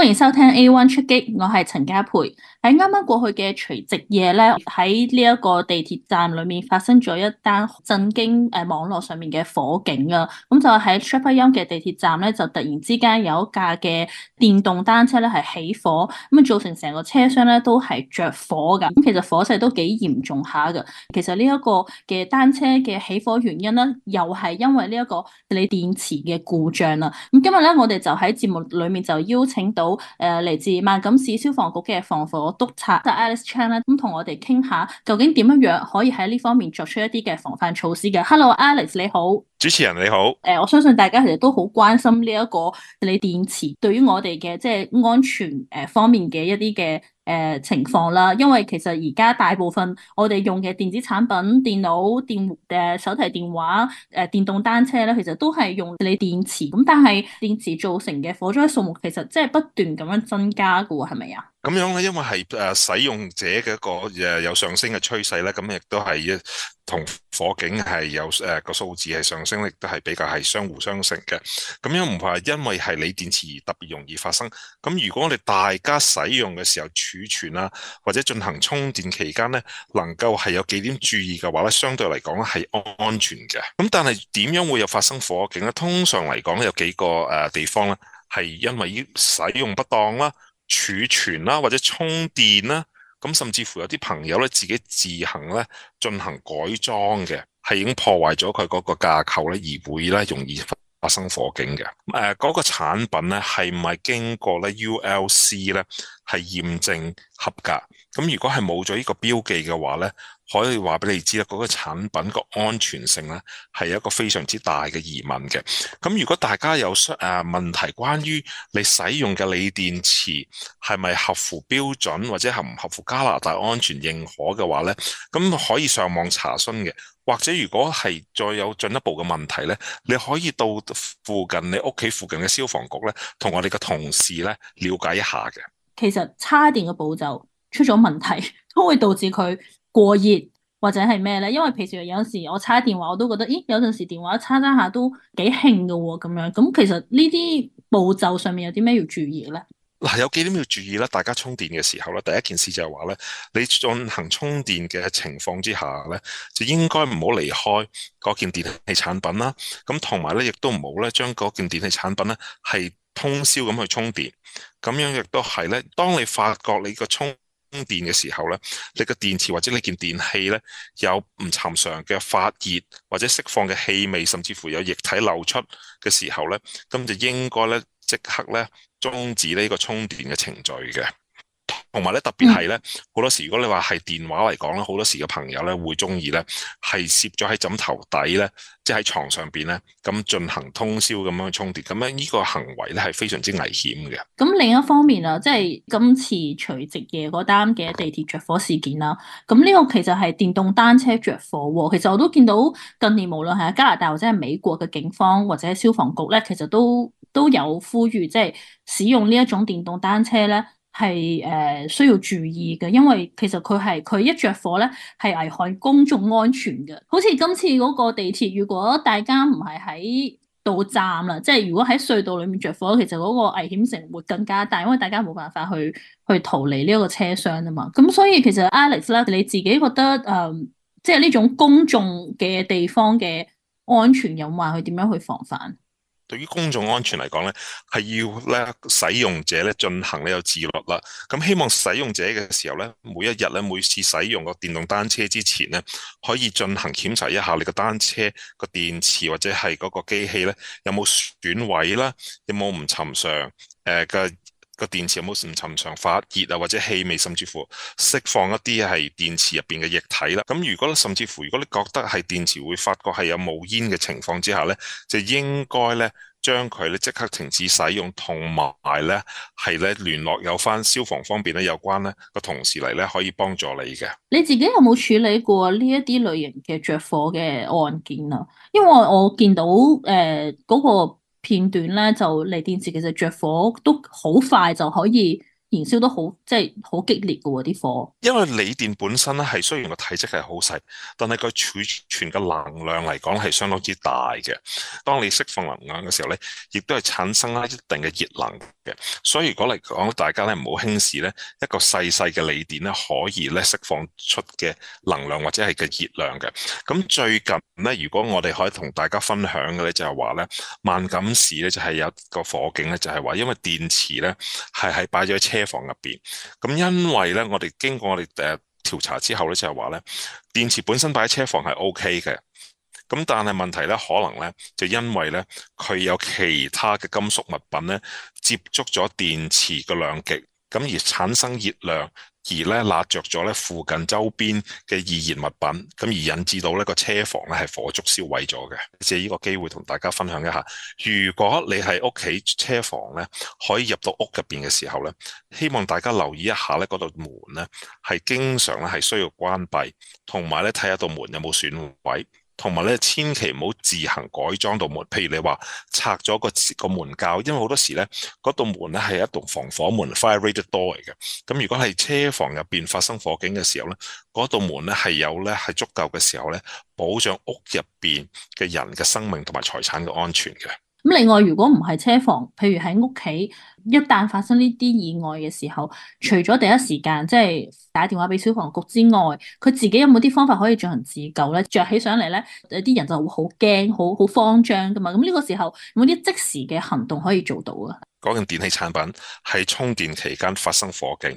歡迎收聽 A1 出擊，我係陳家培。喺啱啱過去嘅除夕夜咧，喺呢一個地鐵站裏面發生咗一單震驚誒網絡上面嘅火警啊！咁就喺 Sheppard Yonge 嘅地鐵站咧，就突然之間有一架嘅電動單車咧係起火，咁啊造成成個車廂咧都係着火噶。咁其實火勢都幾嚴重下噶。其實呢一個嘅單車嘅起火原因咧，又係因為呢一個鋰電池嘅故障啦。咁今日咧，我哋就喺節目裏面就邀請到。誒嚟、呃、自曼囍市消防局嘅防火督察 Alex Chan 咧，咁同我哋傾下，究竟點樣樣可以喺呢方面作出一啲嘅防範措施嘅？Hello，Alex 你好，主持人你好。誒、呃，我相信大家其實都好關心呢一個你電池對於我哋嘅即係安全誒方面嘅一啲嘅。誒、呃、情況啦，因為其實而家大部分我哋用嘅電子產品、電腦、電誒手提電話、誒、呃、電動單車咧，其實都係用鋰電池，咁，但係電池造成嘅火災數目其實即係不斷咁樣增加㗎喎，係咪啊？咁樣咧，因為係誒使用者嘅一個誒有上升嘅趨勢咧，咁亦都係一同火警係有誒個、呃、數字係上升，亦都係比較係相互相成嘅。咁樣唔係因為係鋰電池而特別容易發生。咁如果我哋大家使用嘅時候儲存啦，或者進行充電期間咧，能夠係有幾點注意嘅話咧，相對嚟講咧係安全嘅。咁但係點樣會有發生火警咧？通常嚟講有幾個誒地方咧係因為使用不當啦。儲存啦，或者充電啦，咁甚至乎有啲朋友咧自己自行咧進行改裝嘅，係已經破壞咗佢嗰個架構咧，而會咧容易發生火警嘅。誒，嗰個產品咧係咪經過咧 ULC 咧係驗證合格？咁如果係冇咗呢個標記嘅話咧，可以話俾你知啦。嗰、那個產品個安全性咧係一個非常之大嘅疑問嘅。咁如果大家有誒問題，關於你使用嘅鋰電池係咪合乎標準，或者係唔合乎加拿大安全認可嘅話咧，咁可以上網查詢嘅。或者如果係再有進一步嘅問題咧，你可以到附近你屋企附近嘅消防局咧，同我哋嘅同事咧了解一下嘅。其實叉電嘅步驟。出咗問題都會導致佢過熱或者係咩咧？因為平時有陣時我叉電話我都覺得，咦有陣時電話叉叉下都幾輕噶喎咁樣。咁其實呢啲步驟上面有啲咩要注意咧？嗱，有幾點要注意咧。大家充電嘅時候咧，第一件事就係話咧，你進行充電嘅情況之下咧，就應該唔好離開嗰件電器產品啦。咁同埋咧，亦都唔好咧將嗰件電器產品咧係通宵咁去充電。咁樣亦都係咧，當你發覺你個充充電嘅時候呢，你個電池或者你件電器呢，有唔尋常嘅發熱或者釋放嘅氣味，甚至乎有液體流出嘅時候呢，咁就應該呢即刻呢，終止呢個充電嘅程序嘅。同埋咧，特別係咧，好多時如果你話係電話嚟講咧，好多時嘅朋友咧會中意咧，係攝咗喺枕頭底咧，即係喺床上邊咧，咁進行通宵咁樣嘅充電，咁樣呢個行為咧係非常之危險嘅。咁、嗯、另一方面啊，即係今次除夕夜嗰單嘅地鐵着火事件啦，咁呢個其實係電動單車着火。其實我都見到近年無論係加拿大或者係美國嘅警方或者消防局咧，其實都都有呼籲，即係使用呢一種電動單車咧。係誒、呃、需要注意嘅，因為其實佢係佢一着火咧，係危害公眾安全嘅。好似今次嗰個地鐵，如果大家唔係喺到站啦，即係如果喺隧道裡面着火，其實嗰個危險性會更加大，因為大家冇辦法去去逃離呢一個車廂啊嘛。咁所以其實 Alex 啦，你自己覺得誒、呃，即係呢種公眾嘅地方嘅安全隱患，佢點樣去防範？對於公眾安全嚟講咧，係要咧使用者咧進行呢個自律啦。咁希望使用者嘅時候咧，每一日咧每次使用個電動單車之前咧，可以進行檢查一下你個單車個電池或者係嗰個機器咧有冇損毀啦，有冇唔尋常誒嘅。呃個電池有冇唔尋常發熱啊？或者氣味，甚至乎釋放一啲係電池入邊嘅液體啦。咁如果甚至乎如果你覺得係電池會發覺係有冒煙嘅情況之下咧，就應該咧將佢咧即刻停止使用，同埋咧係咧聯絡有翻消防方面咧有關咧個同事嚟，咧可以幫助你嘅。你自己有冇處理過呢一啲類型嘅着火嘅案件啊？因為我見到誒嗰、呃那個。片段咧就鋰電池其實着火都好快就可以。燃燒得好，即係好激烈噶喎啲火。因為鋰電本身咧係雖然個體積係好細，但係佢儲存嘅能量嚟講咧係相當之大嘅。當你釋放能量嘅時候咧，亦都係產生一定嘅熱能嘅。所以如果嚟講，大家咧唔好輕視咧一個細細嘅鋰電咧可以咧釋放出嘅能量或者係嘅熱量嘅。咁最近咧，如果我哋可以同大家分享嘅咧就係話咧萬錦市咧就係有一個火警咧就係話因為電池咧係係擺咗喺車。車房入邊，咁因為咧，我哋經過我哋誒調查之後咧，就係話咧，電池本身擺喺車房係 OK 嘅，咁但係問題咧，可能咧就因為咧佢有其他嘅金屬物品咧接觸咗電池嘅兩極，咁而產生熱量。而咧揦着咗咧附近周邊嘅易燃物品，咁而引致到咧個車房咧係火燭燒毀咗嘅。借呢個機會同大家分享一下，如果你喺屋企車房咧，可以入到屋入邊嘅時候咧，希望大家留意一下咧度門咧係經常咧係需要關閉，同埋咧睇下道門有冇損毀。同埋咧，千祈唔好自行改裝道門，譬如你話拆咗個個門架，因為好多時咧，道門咧係一棟防火門 （fire-rated door） 嚟嘅。咁 如果係車房入邊發生火警嘅時候咧，道門咧係有咧係足夠嘅時候咧，保障屋入邊嘅人嘅生命同埋財產嘅安全嘅。咁另外，如果唔係車房，譬如喺屋企，一旦發生呢啲意外嘅時候，除咗第一時間即係打電話俾消防局之外，佢自己有冇啲方法可以進行自救咧？着起上嚟咧，有啲人就會好驚，好好慌張噶嘛。咁呢個時候有冇啲即時嘅行動可以做到啊？嗰件電器產品喺充電期間發生火警，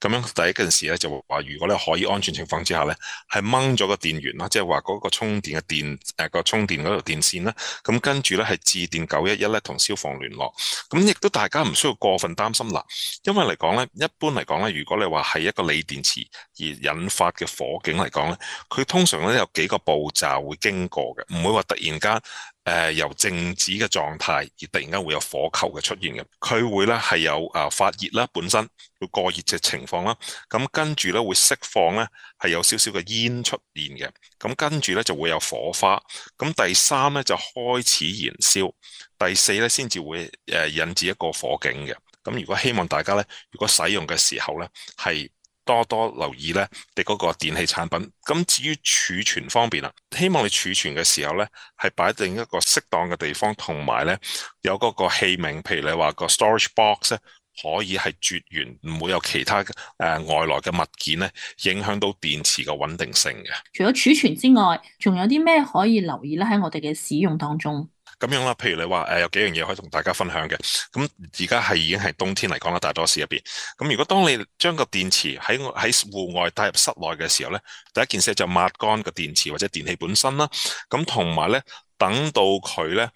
咁樣第一件事咧就會話，如果你可以安全情況之下咧，係掹咗個電源啦，即係話嗰個充電嘅電誒個、呃、充電度電線啦，咁跟住咧係致電九一一咧同消防聯絡，咁亦都大家唔需要過分擔心嗱，因為嚟講咧，一般嚟講咧，如果你話係一個鋰電池而引發嘅火警嚟講咧，佢通常咧有幾個步驟會經過嘅，唔會話突然間。誒、呃、由靜止嘅狀態而突然間會有火球嘅出現嘅，佢會咧係有啊、呃、發熱啦，本身會過熱嘅情況啦，咁、嗯、跟住咧會釋放咧係有少少嘅煙出現嘅，咁、嗯、跟住咧就會有火花，咁、嗯、第三咧就開始燃燒，第四咧先至會誒、呃、引致一個火警嘅，咁、嗯、如果希望大家咧，如果使用嘅時候咧係。多多留意咧，你嗰個電器產品。咁至於儲存方面，啊，希望你儲存嘅時候咧，係擺定一個適當嘅地方，同埋咧有嗰個器皿，譬如你話個 storage box 可以係絕緣，唔會有其他嘅誒、呃、外來嘅物件咧影響到電池嘅穩定性嘅。除咗儲存之外，仲有啲咩可以留意咧？喺我哋嘅使用當中。咁樣啦，譬如你話誒、呃、有幾樣嘢可以同大家分享嘅。咁而家係已經係冬天嚟講啦，大多數市入邊。咁如果當你將個電池喺喺戶外帶入室內嘅時候咧，第一件事就抹乾個電池或者電器本身啦。咁同埋咧。等到佢咧，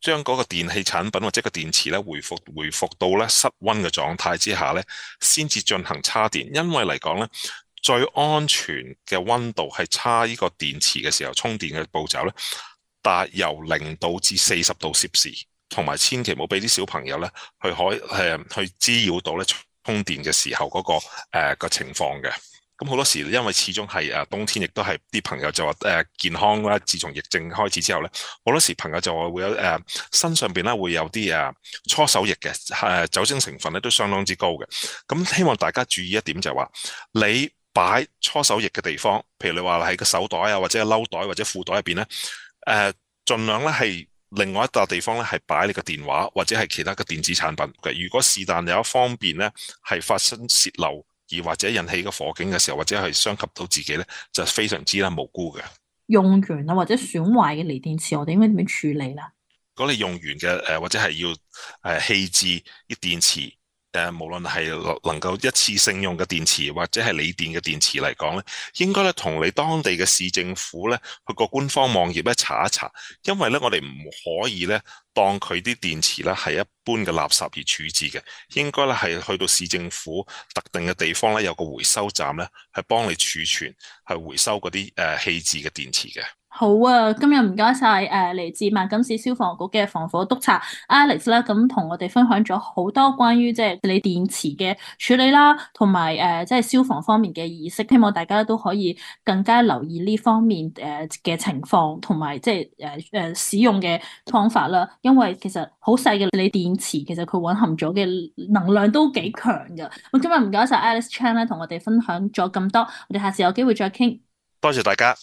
將嗰個電器產品或者個電池咧，回復回復到咧室溫嘅狀態之下咧，先至進行差電。因為嚟講咧，最安全嘅溫度係差呢個電池嘅時候充電嘅步驟咧，達由零度至四十度攝氏，同埋千祈唔好俾啲小朋友咧去可誒、呃、去滋擾到咧充電嘅時候嗰、那個誒、呃、個情況嘅。咁好多時，因為始終係誒冬天，亦都係啲朋友就話誒健康啦。自從疫症開始之後咧，好多時朋友就話會有誒、呃、身上邊咧會有啲啊搓手液嘅誒、呃、酒精成分咧都相當之高嘅。咁希望大家注意一點就係話，你擺搓手液嘅地方，譬如你話喺個手袋啊，或者喺褸袋或者褲袋入邊咧，誒、呃、盡量咧係另外一笪地方咧係擺你個電話或者係其他嘅電子產品嘅。如果是但有一方便咧，係發生洩漏，漏。而或者引起個火警嘅時候，或者係傷及到自己咧，就非常之啦無辜嘅。用完啦，或者損壞嘅鋰電池，我哋應該點樣處理啦？如果你用完嘅，誒或者係要誒棄置啲電池。誒，無論係能能夠一次性用嘅電池，或者係鋰電嘅電池嚟講咧，應該咧同你當地嘅市政府咧去個官方網頁咧查一查，因為咧我哋唔可以咧當佢啲電池咧係一般嘅垃圾而處置嘅，應該咧係去到市政府特定嘅地方咧有個回收站咧，係幫你儲存係回收嗰啲誒棄置嘅電池嘅。好啊，今日唔該晒，誒，嚟自萬錦市消防局嘅防火督察 Alex 啦，咁同我哋分享咗好多關於即係鋰電池嘅處理啦，同埋誒，即、呃、係、就是、消防方面嘅意識，希望大家都可以更加留意呢方面誒嘅情況，同埋即係誒誒使用嘅方法啦。因為其實好細嘅鋰電池，其實佢蘊含咗嘅能量都幾強噶。今謝謝 Chan，我今日唔該晒 Alex Chan 啦，同我哋分享咗咁多，我哋下次有機會再傾。多謝大家。